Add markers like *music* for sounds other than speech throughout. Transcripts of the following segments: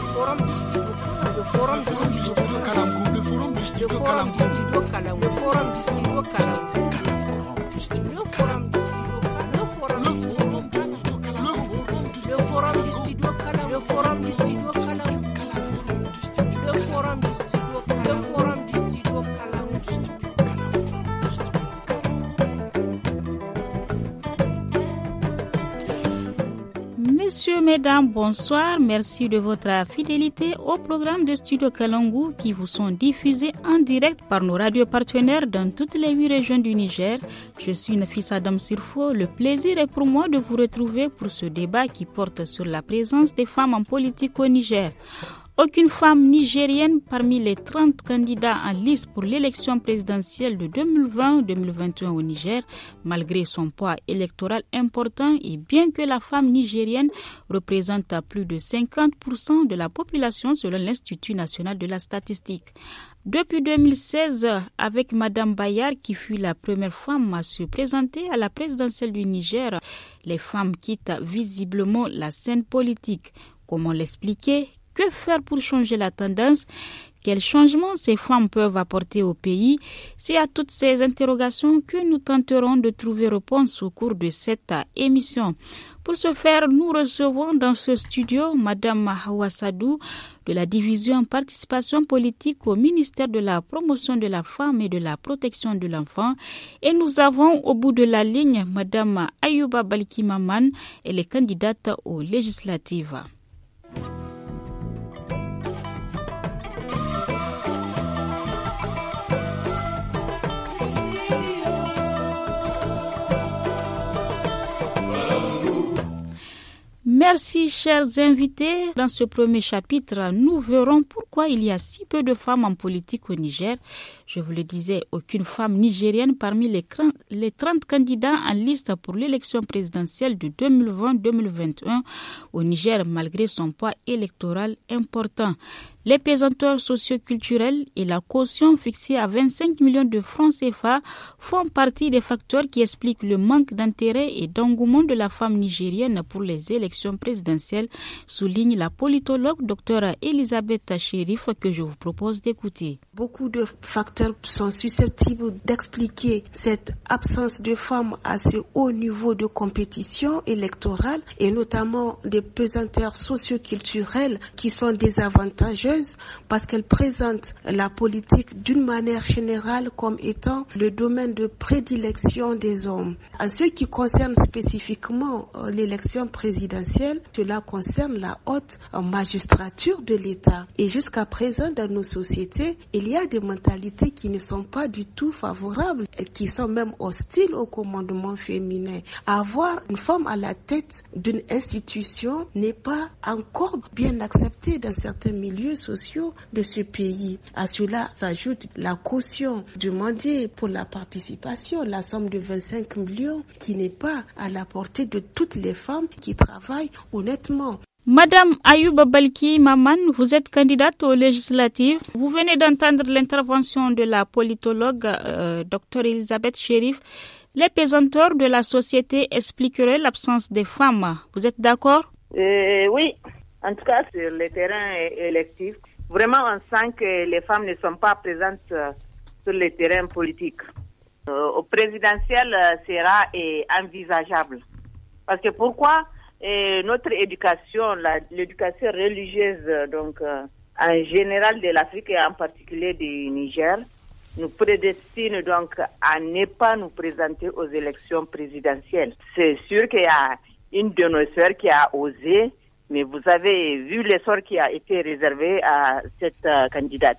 le forum du le forum le forum du le forum du le forum du mesdames, bonsoir. Merci de votre fidélité au programme de Studio Kalangu qui vous sont diffusés en direct par nos radios partenaires dans toutes les huit régions du Niger. Je suis Nafis Adam Sirfo. Le plaisir est pour moi de vous retrouver pour ce débat qui porte sur la présence des femmes en politique au Niger. Aucune femme nigérienne parmi les 30 candidats en liste pour l'élection présidentielle de 2020-2021 au Niger, malgré son poids électoral important et bien que la femme nigérienne représente plus de 50% de la population selon l'Institut national de la statistique. Depuis 2016, avec Madame Bayard, qui fut la première femme à se présenter à la présidentielle du Niger, les femmes quittent visiblement la scène politique. Comment l'expliquer que faire pour changer la tendance Quels changements ces femmes peuvent apporter au pays C'est à toutes ces interrogations que nous tenterons de trouver réponse au cours de cette émission. Pour ce faire, nous recevons dans ce studio Madame Mahawa de la division participation politique au ministère de la promotion de la femme et de la protection de l'enfant. Et nous avons au bout de la ligne Madame Ayuba Balkimaman, et les candidate aux législatives. Merci, chers invités. Dans ce premier chapitre, nous verrons pourquoi il y a si peu de femmes en politique au Niger. Je vous le disais, aucune femme nigérienne parmi les 30, candidats en liste pour l'élection présidentielle de 2020-2021 au Niger, malgré son poids électoral important. Les pesanteurs socioculturels et la caution fixée à 25 millions de francs CFA font partie des facteurs qui expliquent le manque d'intérêt et d'engouement de la femme nigérienne pour les élections présidentielles, souligne la politologue docteur Elisabeth Tachérif que je vous propose d'écouter. Beaucoup de facteurs sont susceptibles d'expliquer cette absence de femmes à ce haut niveau de compétition électorale et notamment des pesanteurs socioculturelles qui sont désavantageuses parce qu'elles présentent la politique d'une manière générale comme étant le domaine de prédilection des hommes. En ce qui concerne spécifiquement euh, l'élection présidentielle, cela concerne la haute euh, magistrature de l'État. Et jusqu'à présent, dans nos sociétés, il y a des mentalités qui ne sont pas du tout favorables et qui sont même hostiles au commandement féminin. Avoir une femme à la tête d'une institution n'est pas encore bien accepté dans certains milieux sociaux de ce pays. À cela s'ajoute la caution demandée pour la participation, la somme de 25 millions qui n'est pas à la portée de toutes les femmes qui travaillent honnêtement. Madame Ayouba Balki Maman, vous êtes candidate aux législatives. Vous venez d'entendre l'intervention de la politologue euh, Dr Elisabeth Chérif. Les pesanteurs de la société expliqueraient l'absence des femmes. Vous êtes d'accord euh, Oui, en tout cas sur le terrain électif. Vraiment, on sent que les femmes ne sont pas présentes euh, sur le terrain politique. au présidentiel, sera envisageable. Parce que pourquoi et notre éducation, l'éducation religieuse, donc euh, en général de l'Afrique et en particulier du Niger, nous prédestine donc à ne pas nous présenter aux élections présidentielles. C'est sûr qu'il y a une de nos sœurs qui a osé mais vous avez vu l'essor qui a été réservé à cette euh, candidate.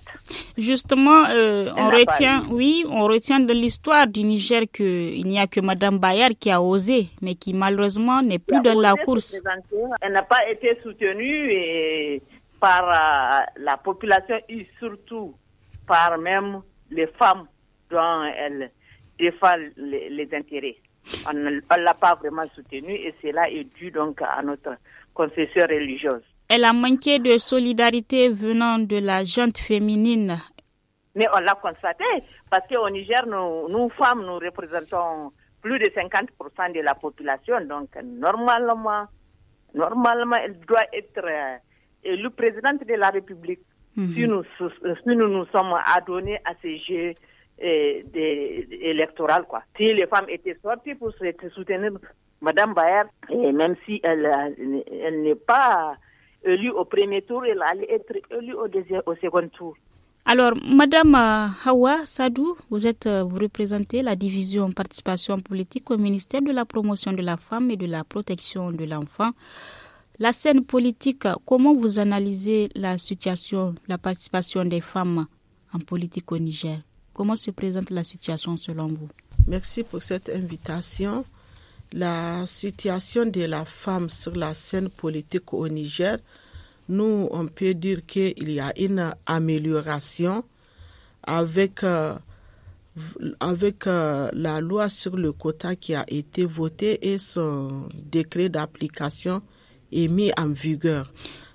Justement, euh, on retient, oui, on retient de l'histoire du Niger il n'y a que Madame Bayer qui a osé, mais qui malheureusement n'est plus dans la course. Elle n'a pas été soutenue et par euh, la population et surtout par même les femmes dont elle défend les, intérêts. On ne l'a pas vraiment soutenue et cela est dû donc à notre confession religieuse. Elle a manqué de solidarité venant de la jante féminine. Mais on l'a constaté, parce qu'au Niger, nous, femmes, nous représentons plus de 50% de la population. Donc, normalement, normalement, elle doit être euh, le président de la République. Mhm. si, nous, si nous nous sommes adonnés à ces jeux électorale. Quoi. Si les femmes étaient sorties pour soutenir Madame Bayer, même si euh, elle, n'est pas élue au premier tour, elle allait être élue au, au second tour. Alors, Madame euh, Hawa Sadou, vous êtes, euh, vous représentez la division participation politique au ministère de la promotion de la femme et de la protection de l'enfant. La scène politique, comment vous analysez la situation, la participation des femmes en politique au Niger Comment se présente la situation selon vous Merci pour cette invitation. La situation de la femme sur la scène politique au Niger, nous, on peut dire qu'il y a une amélioration avec, euh, avec euh, la loi sur le quota qui a été votée et son décret d'application est mis en vigueur.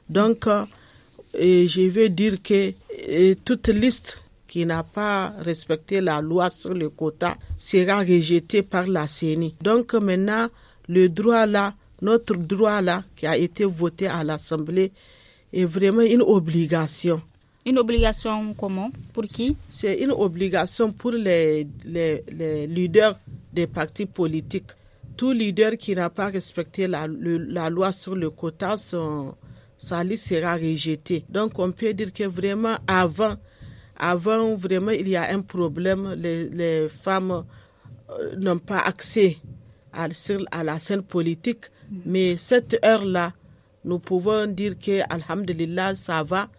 Donc, euh, je veux dire que toute liste qui n'a pas respecté la loi sur le quota sera rejeté par la CENI. Donc maintenant, le droit là, notre droit là, qui a été voté à l'Assemblée, est vraiment une obligation. Une obligation comment Pour qui C'est une obligation pour les, les, leaders des partis politiques. Tout leader qui n'a pas respecté la, la, loi sur le quota, son, sa liste sera rejetée. Donc on peut dire que vraiment avant avant, vraiment, il y a un problème. Les, femmes euh, n'ont pas accès à, la scène politique. Mais cette heure-là, nous pouvons dire que, alhamdulillah, ça va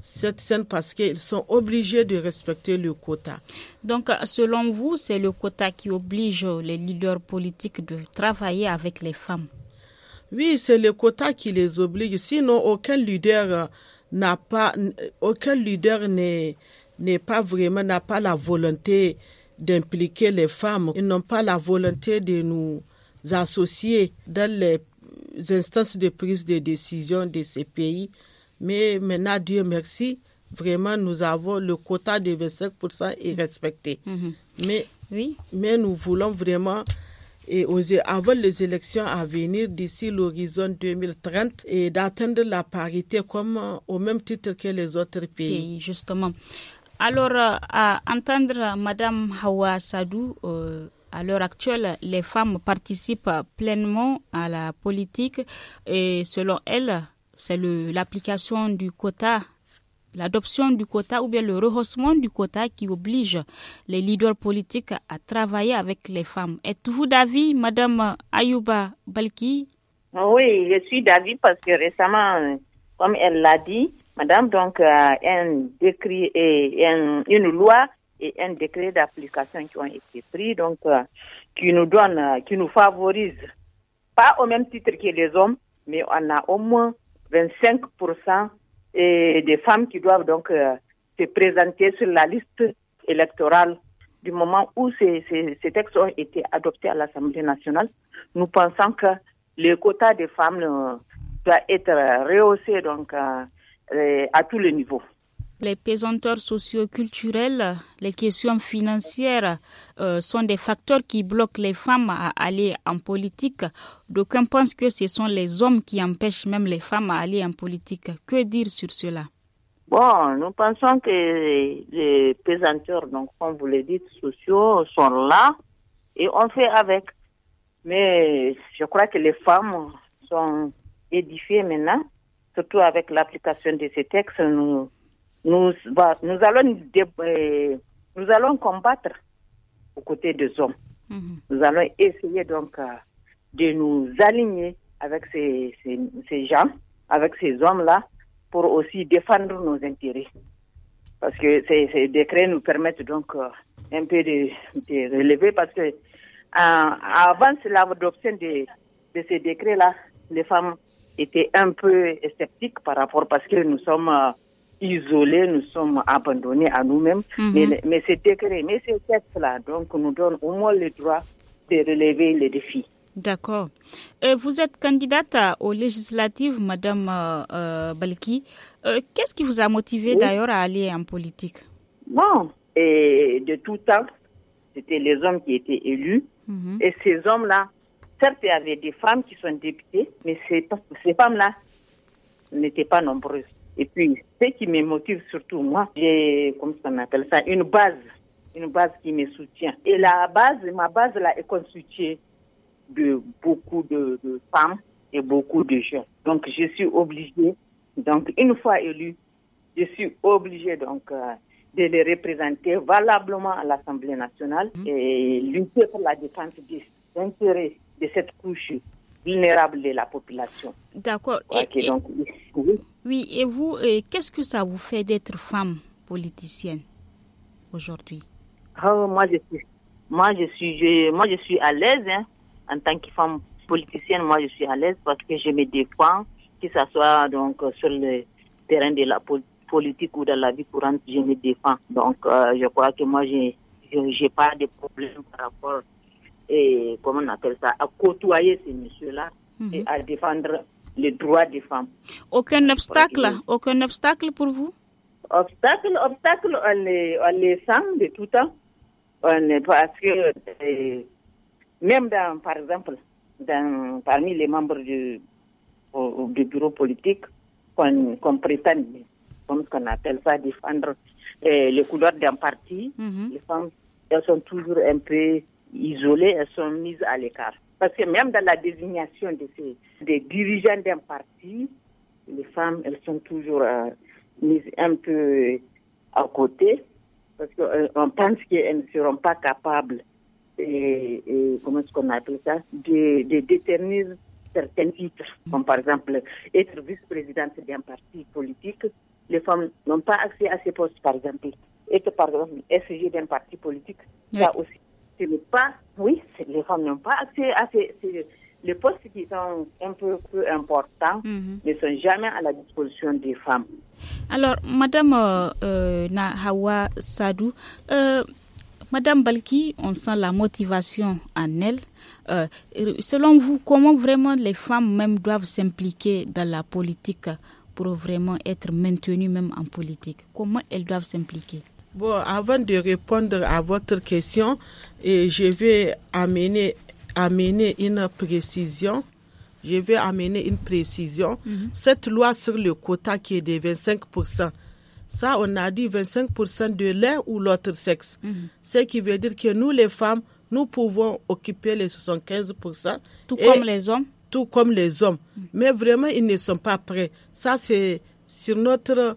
cette scène parce qu'ils sont obligés de respecter le quota. Donc, selon vous, c'est le quota qui oblige les leaders politiques de travailler avec les femmes Oui, c'est le quota qui les oblige. Sinon, aucun leader euh, n'a pas, aucun leader n'est pas vraiment, n'a pas la volonté d'impliquer les femmes. Ils n'ont pas la volonté de nous associer dans les instances de prise de décision de ces pays. Mais maintenant, Dieu merci, vraiment, nous avons le quota de 25% est respecté. Mm-hmm. mais, oui. mais nous voulons vraiment et oser avant les élections à venir d'ici l'horizon 2030 et d'atteindre la parité comme euh, au même titre que les autres pays. justement. Alors, euh, à entendre Madame Hawa Sadou, euh, à l'heure actuelle, les femmes participent pleinement à la politique et selon elle, c'est l'application du quota l'adoption du quota ou bien le rehaussement du quota qui oblige les leaders politiques à travailler avec les femmes. Êtes-vous d'avis, Madame Ayouba Balki Oui, je suis d'avis parce que récemment, comme elle l'a dit, Madame, donc, euh, un décret et une loi et un décret d'application qui ont été pris, donc, euh, qui nous donne, euh, qui nous favorise, pas au même titre que les hommes, mais on a au moins 25% et des femmes qui doivent donc euh, se présenter sur la liste électorale du moment où ces, textes ont été adoptés à l'Assemblée nationale. Nous pensons que le quota des femmes euh, doit être rehaussé donc, euh, à tous les niveaux les pesanteurs socio culturels les questions financières euh, sont des facteurs qui bloquent les femmes à aller en politique. D'aucuns pensent que ce sont les hommes qui empêchent même les femmes à aller en politique. Que dire sur cela Bon, nous pensons que les pesanteurs, donc comme vous le dites, sociaux, sont là et on fait avec. Mais je crois que les femmes sont édifiées maintenant, surtout avec l'application de ces textes nous, bah, nous, allons, euh, nous allons combattre aux côtés des hommes. Mhm. Nous allons essayer donc euh, de nous aligner avec ces, ces, gens, avec ces hommes-là, pour aussi défendre nos intérêts. Parce que ces, décrets nous permettent donc euh, un peu de, de, relever, parce que avant l'adoption de, de ces décrets-là, les femmes étaient un peu sceptiques par rapport, parce que nous sommes isolés, nous sommes abandonnés à nous-mêmes. Mhm. Mais, mais ces mais ces cela là donc, nous donne au moins le droit de relever les défis. D'accord. Euh, vous êtes candidate aux législatives, Madame euh, euh Balki. Euh, qu'est-ce qui vous a motivé d'ailleurs à aller en politique Bon, et de tout temps, c'était les hommes qui étaient élus. Mhm. Et ces hommes-là, certes, il y avait des femmes qui sont députées, mais ces, ces femmes-là n'étaient pas nombreuses. Et puis, ce qui me motive surtout, moi, j'ai, comment ça s'appelle ça, une base, une base qui me soutient. Et la base, ma base, là, est constituée de beaucoup de, femmes et beaucoup de jeunes. Donc, je suis obligée, donc, une fois élue, je suis obligée, donc, euh, de les représenter valablement à l'Assemblée nationale mmh. et lutter pour la défense des intérêts de cette couche vulnérable de la population. D'accord. oui. oui, et vous, qu'est-ce que ça vous fait d'être femme politicienne aujourd'hui ah, Moi, je suis, moi, je suis, moi, je suis à l'aise hein. en tant que femme politicienne. Moi, je suis à l'aise parce que je me défends, que ce soit donc sur le terrain de la politique ou dans la vie courante, je me défends. Donc, euh, je crois que moi, je n'ai pas de problème par rapport et eh, comment on appelle ça, à côtoyer ces messieurs-là et mhm. à défendre les droits des femmes. Aucun obstacle, aucun obstacle pour vous Obstacle, obstacle, on les, on sent de tout temps. On est, parce que même dans, par exemple, dans, parmi les membres du, du bureau politique, qu'on qu prétend, comme qu'on appelle ça, défendre eh, les couloirs d'un parti, mhm. les femmes, elles sont toujours un peu isolées, elles sont mises à l'écart. Parce que même dans la désignation de ces, des dirigeants d'un parti, les femmes, elles sont toujours euh, mises un peu à côté, parce qu'on euh, pense qu'elles ne seront pas capables, et, comment est-ce qu'on appelle ça, de, déterminer certains titres, comme par exemple être vice-présidente d'un parti politique. Les femmes n'ont pas accès à ces postes, par exemple. Être, par exemple, SG d'un parti politique, ça aussi, ce n'est pas, oui, les femmes n'ont pas accès à ces, les postes qui sont un peu plus importants mhm. ne sont jamais à la disposition des femmes. Alors, Madame euh, euh Nahawa Sadou, euh, Madame Balki, on sent la motivation en elle. Euh, selon vous, comment vraiment les femmes même doivent s'impliquer dans la politique pour vraiment être maintenues même en politique Comment elles doivent s'impliquer Bon, avant de répondre à votre question, et eh, je vais amener, amener une précision. Je vais amener une précision. Mhm. Cette loi sur le quota qui est de 25%, ça, on a dit 25% de l'un ou l'autre sexe. Mhm. Ce qui veut dire que nous, les femmes, nous pouvons occuper les 75%. Tout comme les hommes. Tout comme les hommes. Mhm. Mais vraiment, ils ne sont pas prêts. Ça, c'est sur notre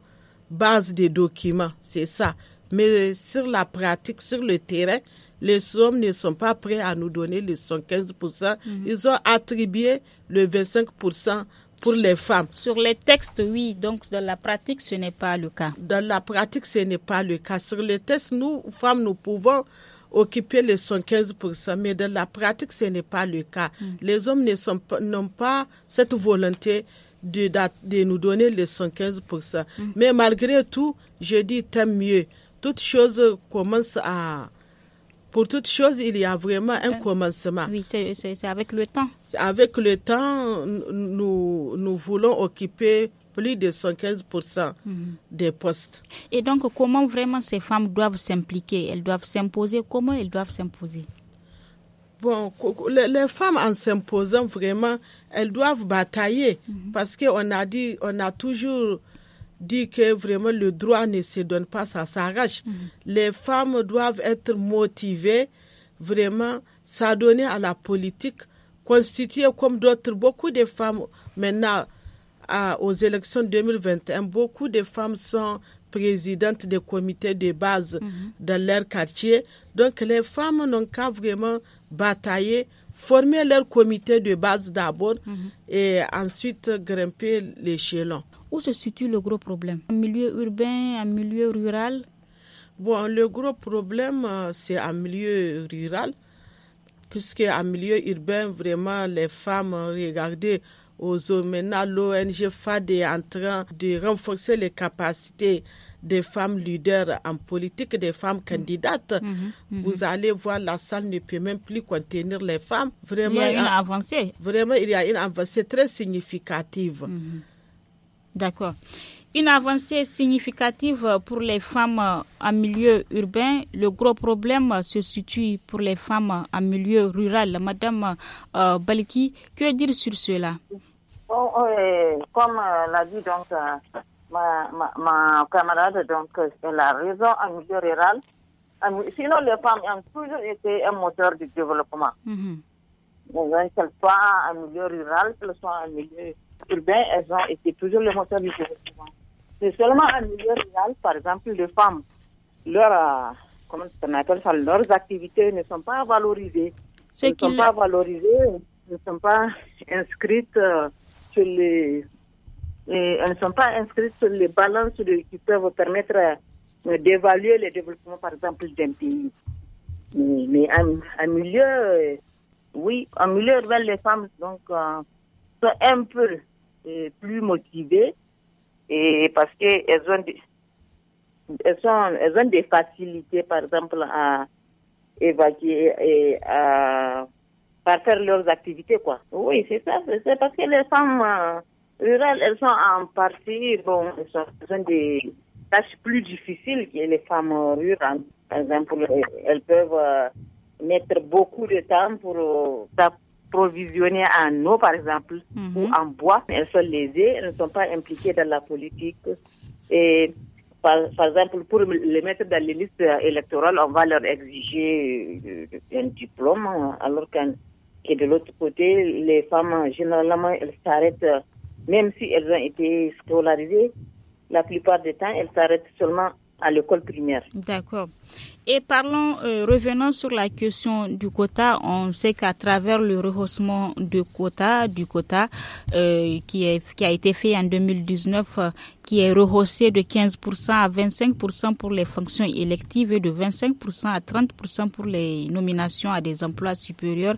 base de documents. C'est ça. Mais sur la pratique, sur le terrain, les hommes ne sont pas prêts à nous donner les 115%. Mhm. Ils ont attribué le 25% pour les femmes. Sur les textes, oui. Donc, dans la pratique, ce n'est pas le cas. Dans la pratique, ce n'est pas le cas. Sur les textes, nous, femmes, nous pouvons occuper les 115%, mais dans la pratique, ce n'est pas le cas. Mhm. Les hommes n'ont pas cette volonté de, de, nous donner les 115%. Mhm. Mais malgré tout, je dis tant mieux toute chose commence à. Pour toute chose, il y a vraiment un euh, commencement. Oui, c'est avec le temps. Avec le temps, nous, nous voulons occuper plus de 115% mhm. des postes. Et donc, comment vraiment ces femmes doivent s'impliquer Elles doivent s'imposer Comment elles doivent s'imposer Bon, les femmes en s'imposant vraiment, elles doivent batailler mhm. parce parce qu'on a dit, on a toujours dit que vraiment le droit ne se donne pas, ça s'arrache. Mm. Les femmes doivent être motivées, vraiment s'adonner à la politique, constituer comme d'autres, beaucoup de femmes maintenant aux élections 2021, beaucoup de femmes sont présidentes des comités de base mm-hmm. dans leur quartier. Donc les femmes n'ont qu'à vraiment batailler former leur comité de base d'abord mhm. et ensuite grimper l'échelon. Où se situe le gros problème En milieu urbain, en milieu rural Bon, le gros problème, euh, c'est en milieu rural, puisque en milieu urbain, vraiment, les femmes, hein, regardez, aux hommes, maintenant, e l'ONG FAD est en train de renforcer les capacités des femmes leaders en politique, des femmes candidates. Mm-hmm. Mm-hmm. Vous allez voir, la salle ne peut même plus contenir les femmes. Vraiment, il y a une avancée. Vraiment, il y a une avancée très significative. Mm-hmm. D'accord. Une avancée significative pour les femmes en milieu urbain. Le gros problème se situe pour les femmes en milieu rural. Madame euh, balki Baliki, que dire sur cela euh, Comme euh, l'a dit donc ma, ma, camarade, donc elle a raison en milieu rural. Sinon, les femmes ont toujours été un moteur du développement. Mm Qu'elles soient en milieu rural, qu'elles soient en milieu urbain, elles ont été toujours le moteur du développement. C'est seulement en milieu rural, par exemple, les femmes, leur, euh, comment on appelle ça, leurs activités ne sont pas valorisées. ce ne sont pas valorisées, ne sont pas inscrites euh, sur les elles ne sont pas inscrites sur les balances de, qui peuvent permettre euh, d'évaluer le développement, par exemple, d'un pays. Mais, en, milieu, euh, oui, en milieu urbain, les femmes donc, euh, sont un peu plus motivées et parce qu'elles ont, des, elles elles ont des facilités, par exemple, à évacuer et à, faire leurs activités. quoi. Oui, c'est ça. C'est parce que les femmes rurales, elles sont en partie, bon, elles ont besoin des tâches plus difficiles que les femmes rurales. Par exemple, elles peuvent euh, mettre beaucoup de temps pour euh, s'approvisionner en eau, par exemple, mhm. ou en bois. Elles sont lésées, elles ne sont pas impliquées dans la politique. Et par, par exemple, pour les mettre dans les listes électorales, on va leur exiger euh, un diplôme, alors que de l'autre côté, les femmes, généralement, elles s'arrêtent même si elles ont été scolarisées, la plupart du temps, elles s'arrêtent seulement à l'école primaire. D'accord. Et parlons, euh, revenons sur la question du quota. On sait qu'à travers le rehaussement de quota, du quota euh, qui, qui a été fait en 2019, euh, qui est rehaussé de 15% à 25% pour les fonctions électives et de 25% à 30% pour les nominations à des emplois supérieurs,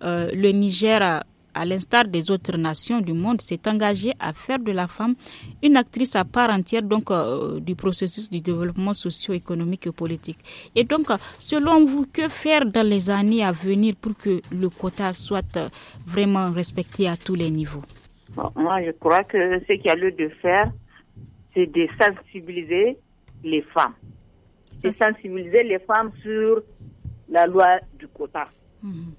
le Niger a à l'instar des autres nations du monde, s'est engagée à faire de la femme une actrice à part entière donc, euh, du processus du développement socio-économique et politique. Et donc, euh, selon vous, que faire dans les années à venir pour que le quota soit euh, vraiment respecté à tous les niveaux Moi, je crois que ce qu'il y a lieu de faire, c'est de sensibiliser les femmes. C'est sensibiliser les femmes sur la loi du quota. Mhm.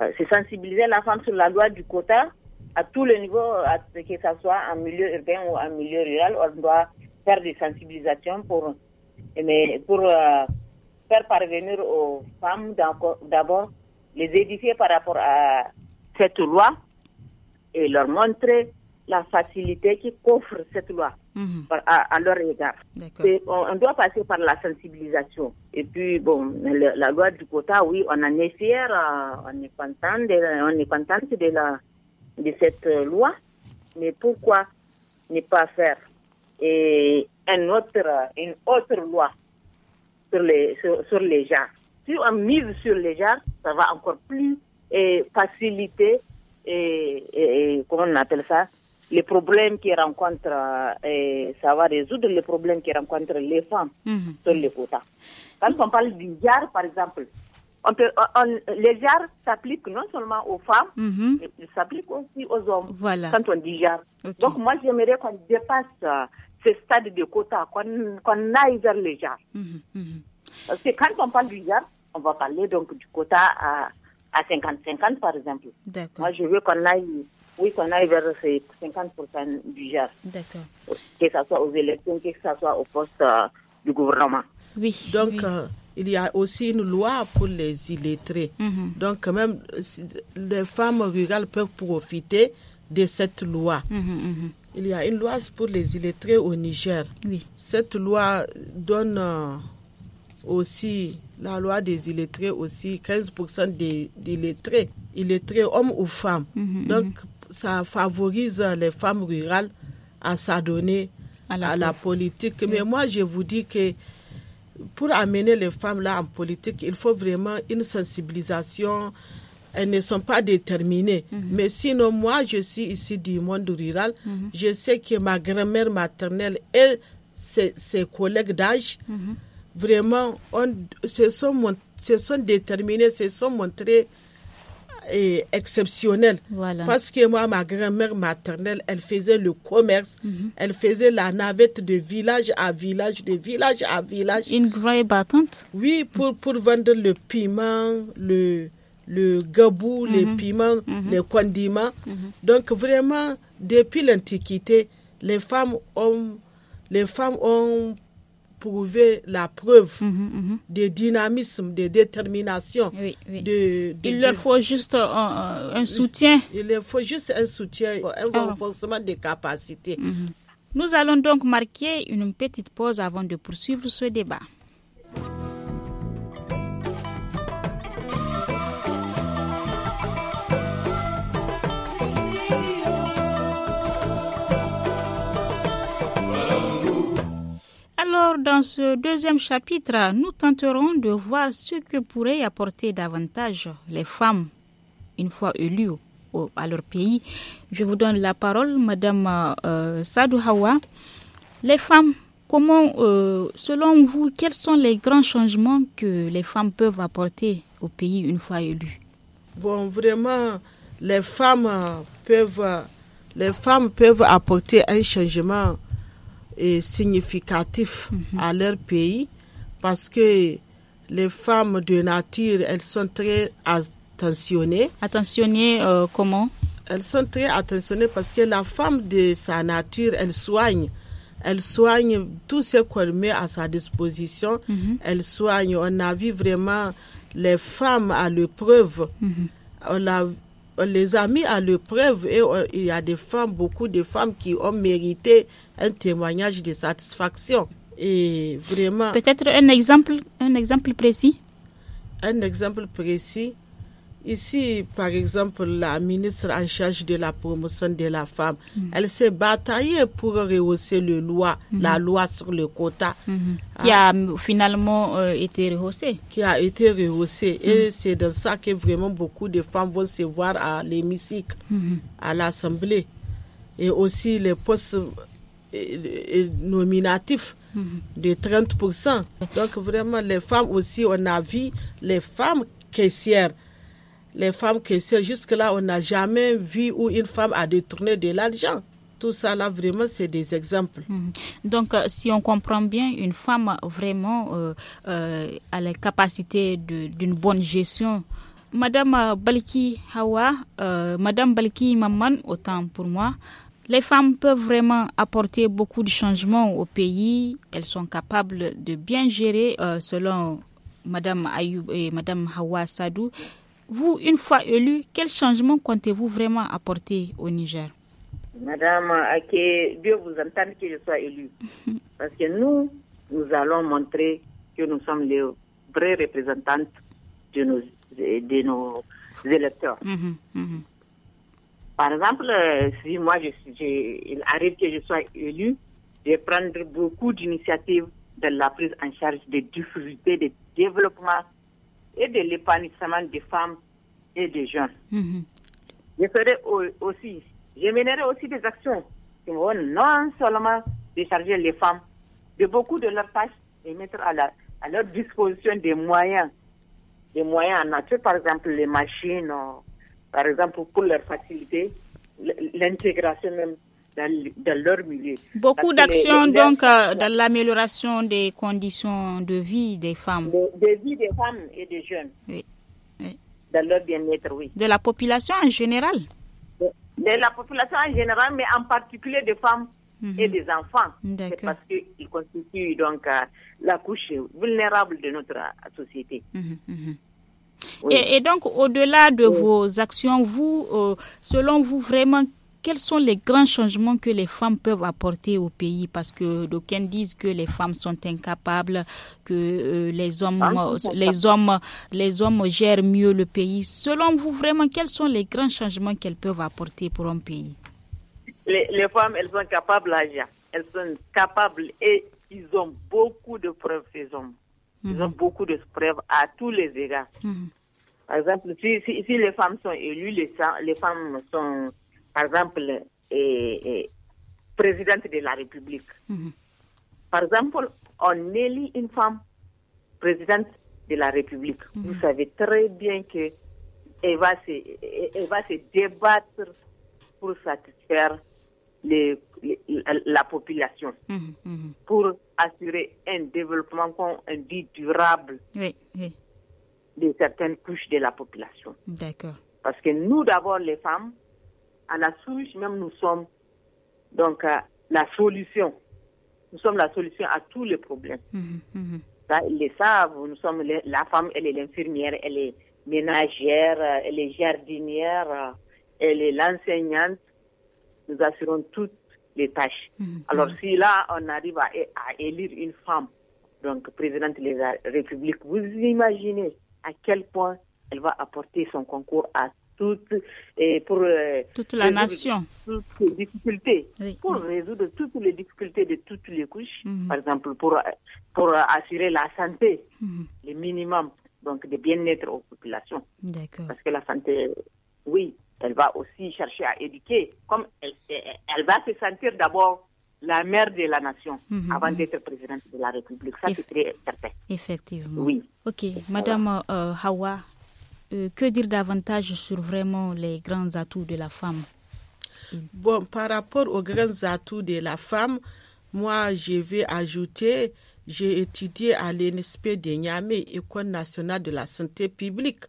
Euh, c'est sensibiliser la femme sur la loi du quota à tous les niveaux, que ce soit en milieu urbain ou en milieu rural. On doit faire des sensibilisations pour, pour euh, faire parvenir aux femmes d'abord, les édifier par rapport à cette loi et leur montrer la facilité qui qu'offre cette loi. Mhm. À, leur égard. On, doit passer par la sensibilisation. Et puis, bon, la loi du quota, oui, on en est fier, euh, on est content de, on est contente de, la, de cette euh, loi, mais pourquoi ne pas faire et euh, autre, une autre loi sur les, sur, les Si on mise sur les gens ça va encore plus faciliter et comment on appelle ça les problèmes qu'ils rencontrent, euh, ça va résoudre les problèmes qu'ils rencontrent les femmes mhm. sur les quotas. Quand on parle du JAR, par exemple, les JAR s'appliquent non seulement aux femmes, mhm. mais ils s'appliquent aussi aux hommes quand on dit JAR. Donc moi, j'aimerais qu'on dépasse euh, ce stade de quotas, qu'on aille vers les JAR. Mhm. Parce que quand on parle du JAR, on va parler donc du quota à, à 50-50, par exemple. Moi, je veux qu'on aille oui, qu'on aille vers 50% du genre. D'accord. Que ce soit aux élections, que ce soit au poste du gouvernement. Oui. Donc, euh, il y a aussi une loi pour les illettrés. Mhm. Donc, même, les femmes rurales peuvent profiter de cette loi. Mhm, mhm. Il y a une loi pour les illettrés au Niger. Oui. Cette loi donne euh, aussi, la loi des illettrés aussi, 15% des, illettrés, illettrés hommes ou femmes. Donc, ça favorise les femmes rurales à s'adonner à, la, politique. Mais mm. moi, je vous dis que pour amener les femmes là en politique, il faut vraiment une sensibilisation. Elles ne sont pas déterminées. Mm-hmm. Mais sinon, moi, je suis ici du monde rural. Mm-hmm. Je sais que ma grand-mère maternelle et ses, collègues d'âge, mm-hmm. vraiment, on, se, sont, se sont déterminés, se sont montrés exceptionnel. Parce que moi, ma grand-mère maternelle, elle faisait le commerce, mhm. elle faisait la navette de village à village, de village à village. Une grande battante Oui, pour, pour vendre le piment, le, le gabou, mhm. les piments, mhm. les condiments. Donc vraiment, depuis l'Antiquité, les femmes ont les femmes ont prouver la preuve mhm, mhm. de dynamisme, de détermination. De, il leur faut juste un, soutien. Il leur faut juste un soutien, un ah. renforcement des capacités. Mhm. Nous allons donc marquer une petite pause avant de poursuivre ce débat. Alors, dans ce deuxième chapitre, nous tenterons de voir ce que pourraient apporter davantage les femmes une fois élues au, à leur pays. Je vous donne la parole, Madame euh, Sadou Hawa. Les femmes, comment, euh, selon vous, quels sont les grands changements que les femmes peuvent apporter au pays une fois élues Bon, vraiment, les femmes peuvent, les femmes peuvent apporter un changement significatif mhm. à leur pays parce que les femmes de nature, elles sont très attentionnées. Attentionnées euh, comment Elles sont très attentionnées parce que la femme de sa nature, elle soigne. Elle soigne tout ce qu'elle met à sa disposition. Mhm. Elle soigne. On a vu vraiment les femmes à l'épreuve. Mhm. On euh, les amis à à l'épreuve et euh, il y a des femmes, beaucoup de femmes qui ont mérité un témoignage de satisfaction. Et vraiment. Peut-être un exemple, un exemple précis. Un exemple précis. Ici, par exemple, la ministre en charge de la promotion de la femme, mhm. elle s'est bataillée pour rehausser le loi, mhm. la loi sur le quota. Mhm. Hein, qui a finalement euh, été rehaussée. Qui a été rehaussée. Et c'est dans ça que vraiment beaucoup de femmes vont se voir à l'hémicycle, à l'Assemblée. Et aussi les postes euh, euh, nominatifs de 30%. Donc vraiment, les femmes aussi, on a vu les femmes caissières les femmes que c'est jusque-là, on n'a jamais vu où une femme a détourné de l'argent. Tout ça, là, vraiment, c'est des exemples. Mhm. Donc, euh, si on comprend bien, une femme vraiment euh, euh, a la capacité d'une bonne gestion. Madame Balki Hawa, Madame Balki Maman, autant pour moi, les femmes peuvent vraiment apporter beaucoup de changements au pays. Elles sont capables de bien gérer, selon Madame Ayoub et Madame Hawa Sadou vous, une fois élu, quel changement comptez-vous vraiment apporter au Niger Madame, que Dieu vous entende que je sois élu. *laughs* Parce que nous, nous allons montrer que nous sommes les vrais représentantes de nos, électeurs. Mhm, mhm. Par exemple, si moi, je, il arrive que je sois élu, je vais prendre beaucoup d'initiatives de la prise en charge des difficultés de développement et de l'épanouissement des femmes et des jeunes. Mm-hmm. Je ferai aussi, je aussi des actions qui vont non seulement décharger les femmes de beaucoup de leurs tâches et mettre à, à leur disposition des moyens, des moyens en nature, par exemple les machines, euh, par exemple pour leur faciliter l'intégration même dans, leur milieu. Beaucoup d'actions donc euh, dans l'amélioration des conditions de vie des femmes. Des vies des femmes et des jeunes. Oui. Dans leur bien-être, oui. De la population en général. De, la population en général, mais en particulier des femmes mhm. et des enfants. C'est parce qu'ils constituent donc euh, la couche vulnérable de notre euh, société. Mhm, mhm. Et, donc, au-delà de vos actions, vous, selon vous, vraiment, quels sont les grands changements que les femmes peuvent apporter au pays Parce que d'aucuns disent que les femmes sont incapables, que euh, les hommes, les hommes, les hommes gèrent mieux le pays. Selon vous, vraiment, quels sont les grands changements qu'elles peuvent apporter pour un pays les, femmes, elles sont capables d'agir. Elles sont capables et ils ont beaucoup de preuves, ces hommes. Ils ont mhm. beaucoup de preuves à tous les égards. Mhm. Par exemple, si, les femmes sont élues, les femmes sont par exemple, eh, eh, présidente de la République. Mhm. Par exemple, on élit une femme présidente de la République. Mhm. Vous savez très bien que elle va se, eh, elle va se débattre pour satisfaire la population, mhm, pour assurer un développement un dit durable de certaines couches de la population. D'accord. Parce que nous, d'abord, les femmes, à la souche même, nous sommes donc euh, la solution. Nous sommes la solution à tous les problèmes. Mhm, mhm. ils le savent. Nous sommes la femme, elle est l'infirmière, elle est ménagère, euh, elle est jardinière, euh, elle est l'enseignante. Nous assurons toutes les tâches. Mhm, Alors si là, on arrive à, à élire une femme, donc présidente de la République, vous imaginez à quel point elle va apporter son concours à toutes, et pour euh, toute la nation. Toutes les difficultés, pour résoudre toutes les difficultés de toutes les couches, mhm. par exemple pour, euh, pour assurer la santé, mhm. le minimum donc de bien-être aux populations. Parce que la santé, oui, elle va aussi chercher à éduquer, comme elle, va se sentir d'abord la mère de la nation mhm, avant d'être présidente de la République. Ça, c'est très certain. Effectivement. Oui. OK. Madame euh, Hawa, euh, que dire davantage sur vraiment les grands atouts de la femme Bon, par rapport aux grands atouts de la femme, moi, je vais ajouter, j'ai étudié à l'ENSP de Niamey, École nationale de la santé publique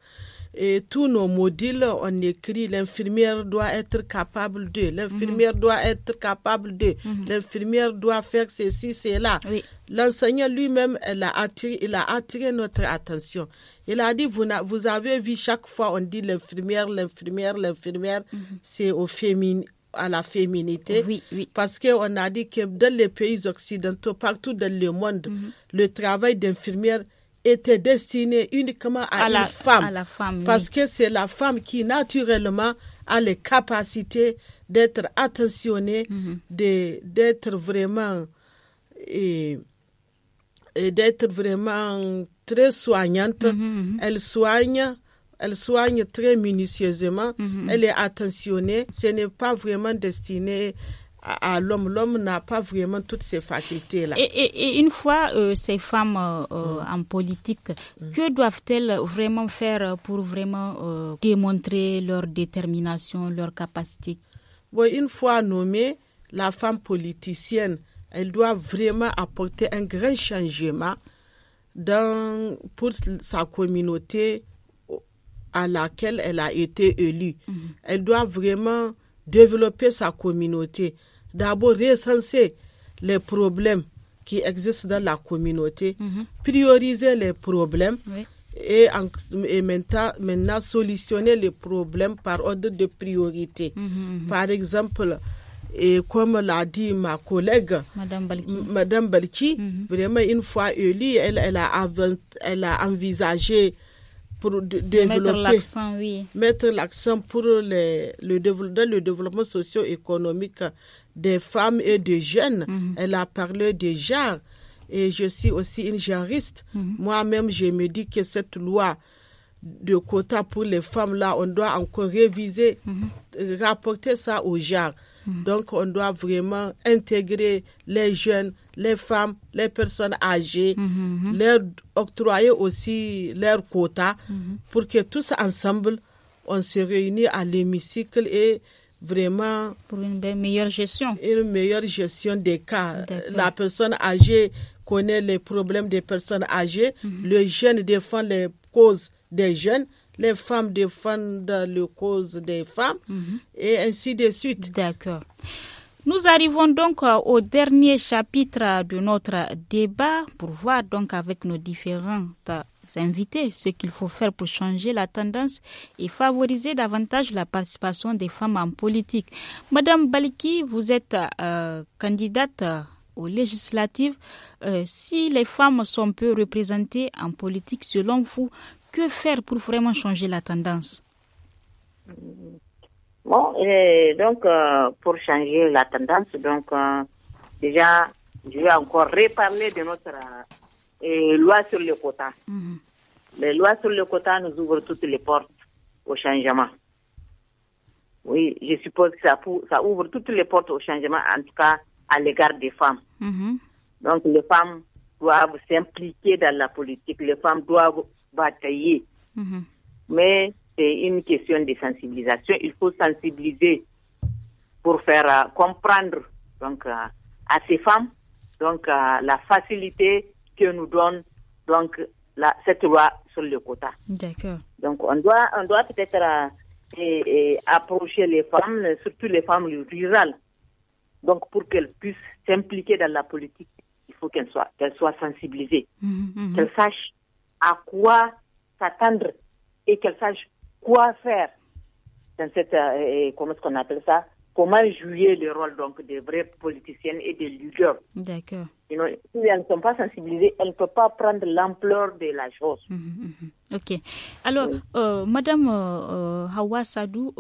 et tous nos modules, on écrit l'infirmière doit être capable de, l'infirmière mhm. doit être capable de, mhm. l'infirmière doit faire ceci, cela. L'enseignant lui-même, il a, attiré, notre attention. Il a dit, vous, avez vu chaque fois, on dit l'infirmière, l'infirmière, l'infirmière, mhm. c'est au féminin à la féminité. Oui, oui. Parce qu'on a dit que dans les pays occidentaux, partout dans le monde, le travail d'infirmière, était destinée uniquement à, la, femme. parce que c'est la femme qui, naturellement, a les capacités d'être attentionnée, mhm. d'être vraiment. Et, d'être vraiment très soignante. Mhm, mhm. Elle soigne, elle soigne très minutieusement, elle est attentionnée. Ce n'est pas vraiment destiné à, l'homme. L'homme n'a pas vraiment toutes ces facultés-là. Et, une fois euh, ces femmes euh, euh, en politique, que doivent-elles vraiment faire pour vraiment démontrer leur détermination, leur capacité Une fois nommée, la femme politicienne, elle doit vraiment apporter un grand changement dans, pour sa communauté à laquelle elle a été élue. Mhm. Elle doit vraiment développer sa communauté d'abord recenser les problèmes qui existent dans la communauté, mhm. prioriser les problèmes et, en, maintenant, maintenant, solutionner les problèmes par ordre de priorité. Mhm, mhm. Par exemple, et comme l'a dit ma collègue, Madame Balki, vraiment une fois elle, elle, a, elle a envisagé pour développer, mettre l'accent oui. pour les, le, dans le développement socio-économique des femmes et des jeunes. Mhm. Elle a parlé des genres. Et je suis aussi une jariste. Mhm. Moi-même, je me dis que cette loi de quotas pour les femmes-là, on doit encore réviser, mhm. rapporter ça au genre. Donc, on doit vraiment intégrer les jeunes, les femmes, les personnes âgées, leur octroyer aussi leur quotas pour que tous ensemble, on se réunit à l'hémicycle et vraiment pour une meilleure gestion. Une meilleure gestion des cas. La personne âgée connaît les problèmes des personnes âgées, mhm. le jeune défend les causes des jeunes, les femmes défendent les causes des femmes, mhm. et ainsi de suite. D'accord. Nous arrivons donc euh, au dernier chapitre de notre débat pour voir donc avec nos différents invités ce qu'il faut faire pour changer la tendance et favoriser davantage la participation des femmes en politique. Madame Baliki, vous êtes euh, candidate aux législatives. Euh, si les femmes sont peu représentées en politique, selon vous, que faire pour vraiment changer la tendance Bon, et donc, euh, pour changer la tendance, donc, euh, déjà, je vais encore reparler de notre euh, loi sur le quota. la mhm. Les lois sur le quota nous ouvrent toutes les portes au changement. Oui, je suppose que ça, ça ouvre toutes les portes au changement, en tout cas à l'égard des femmes. Mhm. Donc, les femmes doivent s'impliquer dans la politique, les femmes doivent batailler. Mhm. Mais c'est une question de sensibilisation. Il faut sensibiliser pour faire euh, comprendre donc, euh, à ces femmes donc, euh, la facilité que nous donne donc, la, cette loi sur le quota. D'accord. Donc on doit, on doit peut-être approcher les femmes, surtout les femmes rurales. Donc pour qu'elles puissent s'impliquer dans la politique, il faut qu'elles soient, qu'elles soient sensibilisées, mhm, mhm. qu'elles sachent à quoi s'attendre et qu'elles sachent quoi faire dans cette, eh, euh, eh, eh, comment est-ce qu'on appelle ça, comment jouer le rôle donc des vraies politiciennes et des leaders. D'accord. Si elles ne sont pas sensibilisées, elles ne peuvent pas prendre l'ampleur de la chose. Mhm, mhm. Ok. Alors, euh, Madame euh, euh, Hawa Sadou,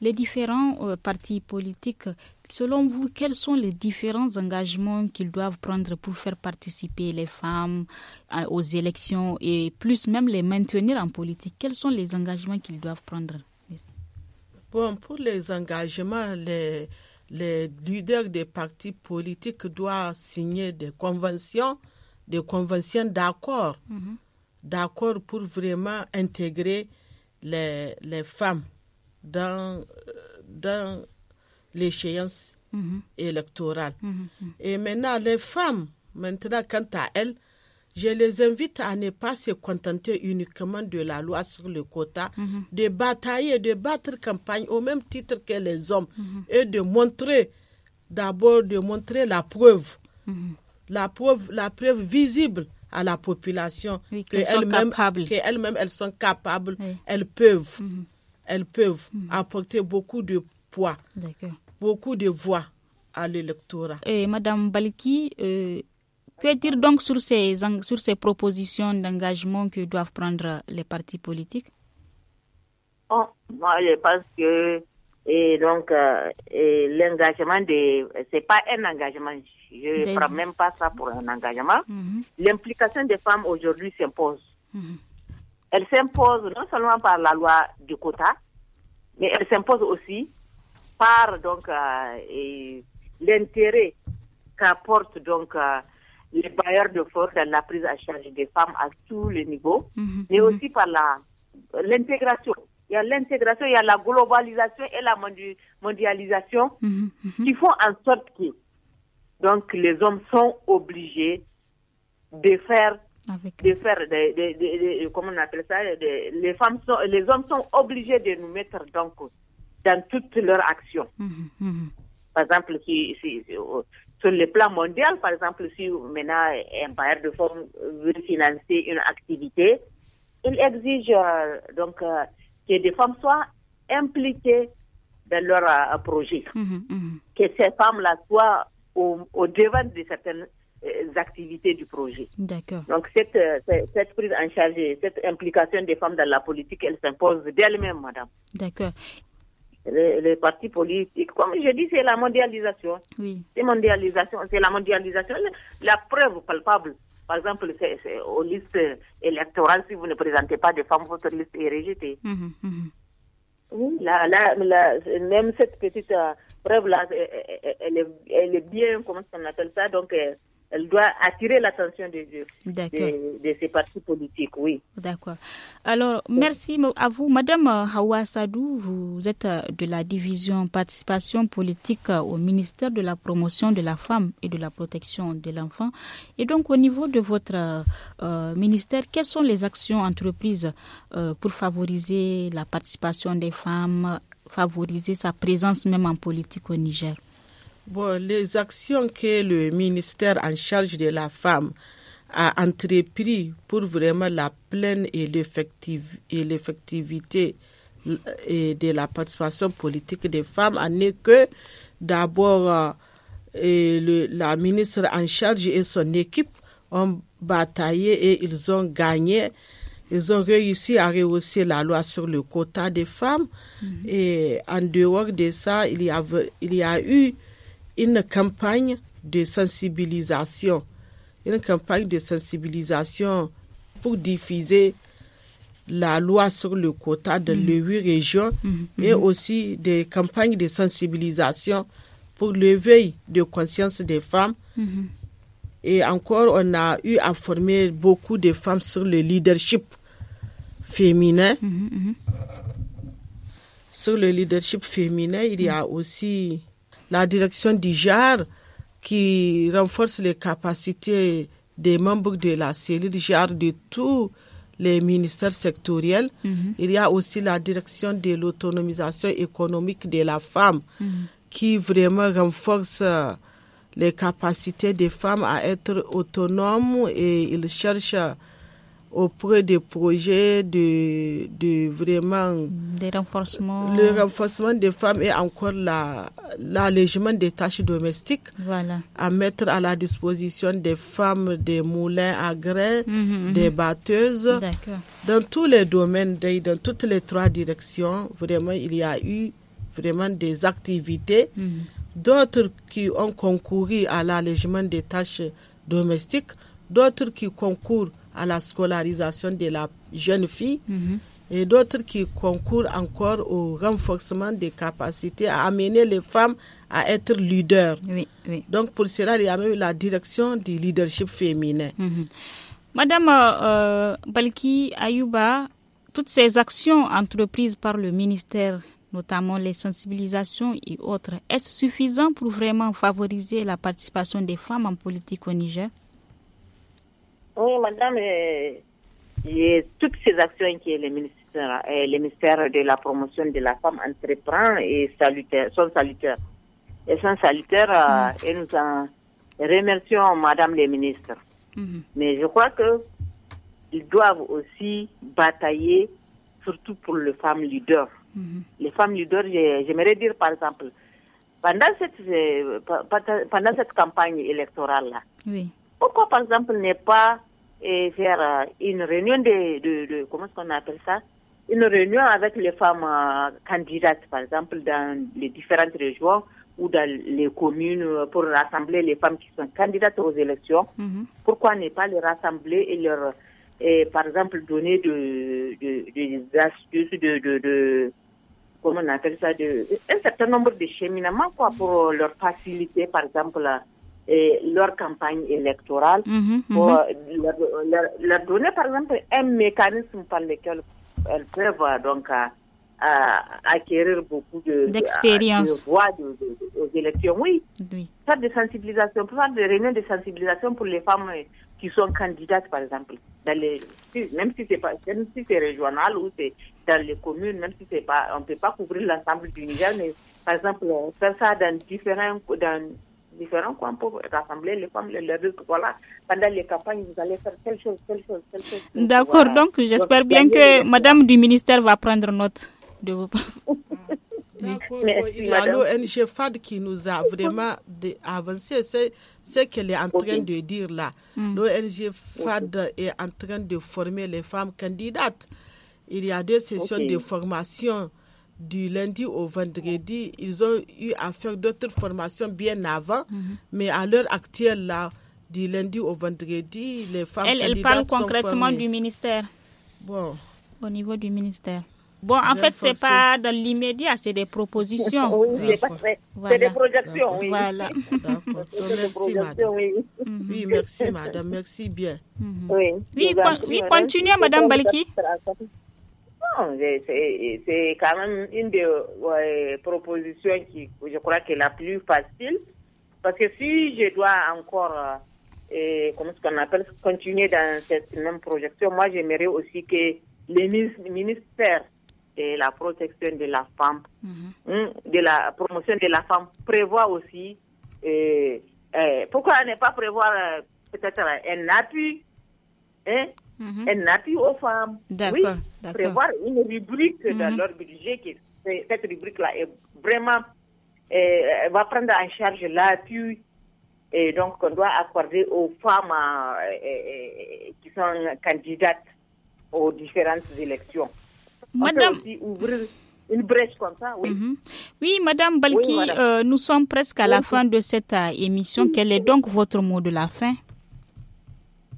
les différents partis politiques, selon vous, quels sont les différents engagements qu'ils doivent prendre pour faire participer les femmes aux élections et plus même les maintenir en politique Quels sont les engagements qu'ils doivent prendre Bon, pour les engagements, les, les leaders des partis politiques doivent signer des conventions, des conventions d'accord, mhm. d'accord pour vraiment intégrer les, les femmes dans, dans l'échéance mhm. électorale. Mhm, Et maintenant, les femmes, maintenant, quant à elles, je les invite à ne pas se contenter uniquement de la loi sur le quota, mhm. de batailler, de battre campagne au même titre que les hommes mhm. et de montrer, d'abord de montrer la preuve, mhm. la preuve, la preuve visible à la population qu'elles elles que mêmes elles sont capables, elles peuvent, elles peuvent apporter beaucoup de poids, beaucoup de voix à l'électorat. Et Madame Baliki, euh, que dire donc sur ces, sur ces propositions d'engagement que doivent prendre les partis politiques oh, Moi, je pense que donc euh, l'engagement ce c'est pas un engagement je ne prends même pas ça pour un engagement mhm. l'implication des femmes aujourd'hui s'impose mhm. elle s'impose non seulement par la loi du quota mais elle s'impose aussi par donc euh, l'intérêt qu'apporte donc euh, les bailleurs de force, la prise en charge des femmes à tous les niveaux, mhm. mais mhm. aussi par la l'intégration. Il y a l'intégration, il y a la globalisation et la mondialisation mhm. qui font en sorte que donc les hommes sont obligés de faire de faire des comment on appelle ça les femmes sont les hommes sont obligés de nous mettre donc dans toutes leurs actions. Par exemple, si, sur le plan mondial, par exemple, si maintenant un bailleur de fonds veut financer une activité, il exige euh, donc euh, que des femmes soient impliquées dans leur euh, projet, mhm, mhm. que ces femmes-là soient au, devant de certaines activités du projet. Donc cette, cette prise en charge, cette implication des femmes dans la politique, elle s'impose d'elle-même, madame. D'accord les, partis politiques. Comme je dis, c'est la mondialisation. Oui. C'est mondialisation, c'est la mondialisation. La preuve palpable. Par exemple, c'est, aux listes électorales, si vous ne présentez pas de femmes, votre liste est rejetée. Mhm, mhm. même cette petite euh, preuve-là, elle, elle, est bien, comment on appelle ça, donc euh, elle doit attirer l'attention des yeux de, ces partis politiques, oui. D'accord. Alors, merci à vous. Madame Hawa Sadou, vous êtes de la division participation politique au ministère de la promotion de la femme et de la protection de l'enfant. Et donc, au niveau de votre euh, ministère, quelles sont les actions entreprises euh, pour favoriser la participation des femmes, favoriser sa présence même en politique au Niger les actions que le ministère en charge de la femme a entrepris pour vraiment la pleine et l'effectivité euh, de la participation politique des femmes en que d'abord euh, la ministre en charge et son équipe ont bataillé et ils ont gagné. Ils ont réussi à rehausser la loi sur le quota des femmes. Mhm. Et en dehors de ça, il y il y a eu une campagne de sensibilisation, une campagne de sensibilisation pour diffuser la loi sur le quota dans mm. les huit régions mais mm-hmm. mm-hmm. aussi des campagnes de sensibilisation pour l'éveil de conscience des femmes. Mm-hmm. Et encore, on a eu à former beaucoup de femmes sur le leadership féminin. Sur le leadership féminin, il y a aussi la direction du JAR qui renforce les capacités des membres de la cellule JAR de tous les ministères sectoriels. Mhm. Il y a aussi la direction de l'autonomisation économique de la femme mhm. qui vraiment renforce euh, les capacités des femmes à être autonomes et ils cherchent... Euh, auprès des projets de, de vraiment des le renforcement des femmes et encore l'allègement des tâches domestiques voilà. à mettre à la disposition des femmes des moulins à grains, mhm, mhm. des batteuses. Dans tous les domaines, dans toutes les trois directions, vraiment, il y a eu vraiment des activités. Mhm. D'autres qui ont concouru à l'allègement des tâches domestiques, d'autres qui concourent à la scolarisation de la jeune fille mhm. et d'autres qui concourent encore au renforcement des capacités à amener les femmes à être leaders. Donc pour cela, il y a même la direction du leadership féminin. Mhm. Madame euh, Balki Ayouba, toutes ces actions entreprises par le ministère notamment les sensibilisations et autres. Est-ce suffisant pour vraiment favoriser la participation des femmes en politique au Niger oui, madame, et toutes ces actions que les ministère les ministères de la promotion de la femme entreprend et sont salutaires. Elles sont salutaires euh, mm. et nous en remercions, madame les ministres. Mm-hmm. Mais je crois que doivent aussi batailler, surtout pour mm-hmm. les femmes leaders. Les femmes leaders, j'aimerais dire par exemple, pendant cette, euh, pendant cette campagne électorale-là, oui. Pourquoi, par exemple, ne pas euh, faire euh, une réunion de, comment est appelle ça Une réunion avec les femmes euh, candidates, par exemple, dans les différentes régions ou dans les communes pour rassembler les femmes qui sont candidates aux élections. Mhm. Pourquoi ne pas les rassembler et leur, par exemple, donner de, des astuces, de, comment on appelle ça, de, un certain nombre de cheminements quoi, pour leur faciliter, par exemple, la leur campagne électorale mhm, mhm. pour euh, leur, donner par exemple un mécanisme par lequel elles peuvent euh, donc euh, acquérir beaucoup de d'expérience de voix aux élections oui. oui. faire des sensibilisations faire des réunions de sensibilisation pour les femmes qui sont candidates par exemple dans les même si c'est pas si c'est régional ou c'est dans les communes même si c'est pas on peut pas couvrir l'ensemble du Niger mais par exemple faire ça dans différents dans différents quoi, pour rassembler les femmes, les voilà, pendant les campagnes, vous allez faire telle chose, telle chose, telle chose. D'accord, donc j'espère bien que madame du ministère va prendre note de vos *laughs* ah, Il y a l'ONG FAD qui nous a vraiment avancé. C'est ce qu'elle est en train de dire là. Hmm. L'ONG FAD est en train de former les femmes candidates. Il y a deux sessions de formation du lundi au vendredi, ils ont eu à faire d'autres formations bien avant, mhm. mais à l'heure actuelle, là, du lundi au vendredi, les femmes. Elle, elle parle concrètement du ministère. Bon. Au niveau du ministère. Bon, en fait, c'est pas dans l'immédiat, c'est des propositions. oui, *laughs* c'est des projections, Voilà. merci, madame. Mhm. Oui. merci, madame. Merci bien. Mhm. Oui, oui, continuez, madame Balki. Non, c'est quand même une des propositions qui, je crois, que la plus facile. Parce que si je dois encore, euh, comment ce qu'on appelle, continuer dans cette même projection, moi, j'aimerais aussi que le ministère de la protection de la femme, mhm. hein, de la promotion de la femme, prévoit aussi, euh, euh pourquoi ne pas prévoir euh, peut-être un appui hein, elle un appui aux femmes. Oui, prévoir une rubrique dans mhm. leur budget. cette rubrique-là est vraiment, euh, va prendre en charge l'appui. Et donc, on doit accorder aux femmes eh, eh, eh, qui sont candidates aux différentes élections. Madame. On peut aussi ouvrir une brèche comme ça, oui. Mhm. Oui, Madame Balki, euh, nous sommes presque à la fin de cette euh, émission. Quel est donc votre mot de la fin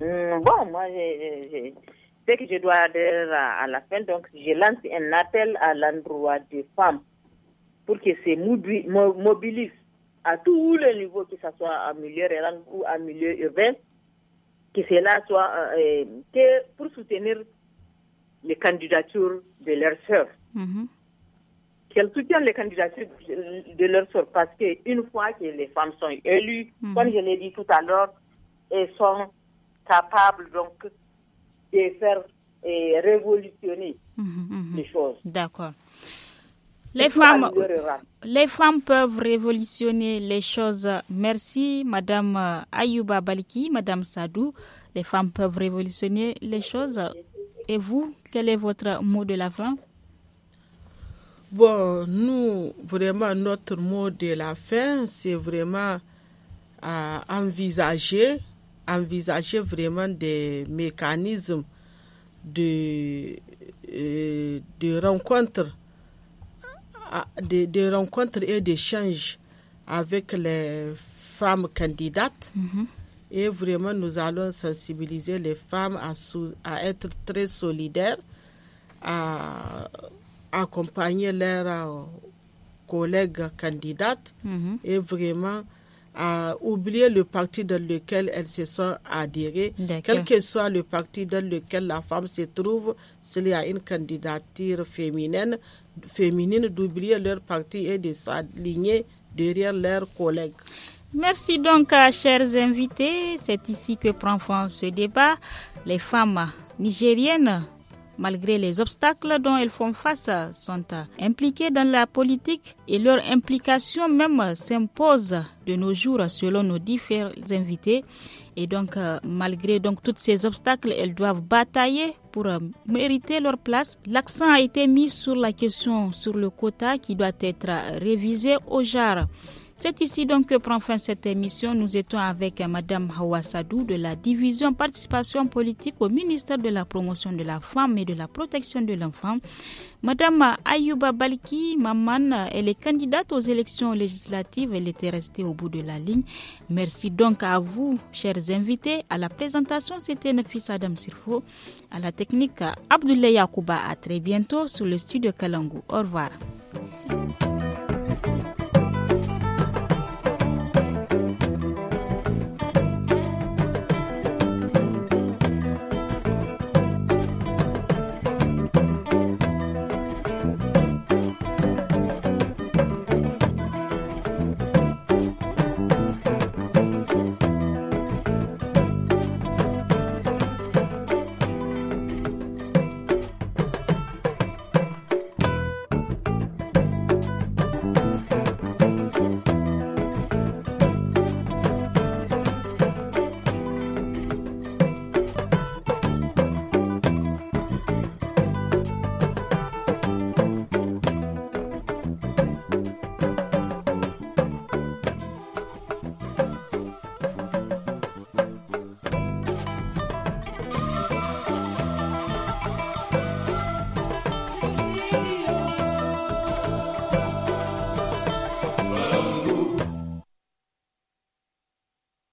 Mm, bon, moi, je sais que je dois aller à, la fin, donc je lance un appel à l'endroit des femmes pour que se mobilisent à tous les niveaux, que ce soit en milieu rural ou en milieu urbain, que cela soit euh, euh, que pour soutenir les candidatures de leurs sœurs. Mm-hmm. Qu'elles soutiennent les candidatures de leurs soeurs, parce qu'une fois que les femmes sont élues, mm-hmm. comme je l'ai dit tout à l'heure, elles sont capable donc de faire et euh, révolutionner mhm, mhm. les choses. D'accord. Les femmes, les femmes peuvent révolutionner les choses. Merci, Madame euh, Ayouba Baliki, Madame Sadou. Les femmes peuvent révolutionner les choses. Et vous, quel est votre mot de la fin Bon, nous, vraiment, notre mot de la fin, c'est vraiment à euh, envisager envisager vraiment des mécanismes de, euh, de rencontres ah, de, rencontres et d'échanges avec les femmes candidates. Mhm. Et vraiment, nous allons sensibiliser les femmes à, à être très solidaires, à accompagner leurs euh, collègues candidates mhm. et vraiment à oublier le parti dans lequel elles se sont adhérées, quel que soit le parti dans lequel la femme se trouve, s'il y a une candidature féminine, féminine d'oublier leur parti et de s'aligner derrière leurs collègues. Merci donc, chers invités. C'est ici que prend fin ce débat. Les femmes nigériennes malgré les obstacles dont elles font face, sont impliquées dans la politique et leur implication même s'impose de nos jours selon nos différents invités. Et donc, euh, malgré donc tous ces obstacles, elles doivent batailler pour euh, mériter leur place. L'accent a été mis sur la question sur le quota qui doit être révisé au JAR. C'est ici donc que prend fin cette émission. Nous étions avec Madame Hawa de la division participation politique au ministère de la promotion de la femme et de la protection de l'enfant. Madame Ayuba Balki Maman, elle est candidate aux élections législatives. Elle était restée au bout de la ligne. Merci donc à vous, chers invités. À la présentation, c'était Nafis Adam Sirfo. À la technique, Abdoulaye Yakouba. À très bientôt sur le studio Kalangou. Au revoir.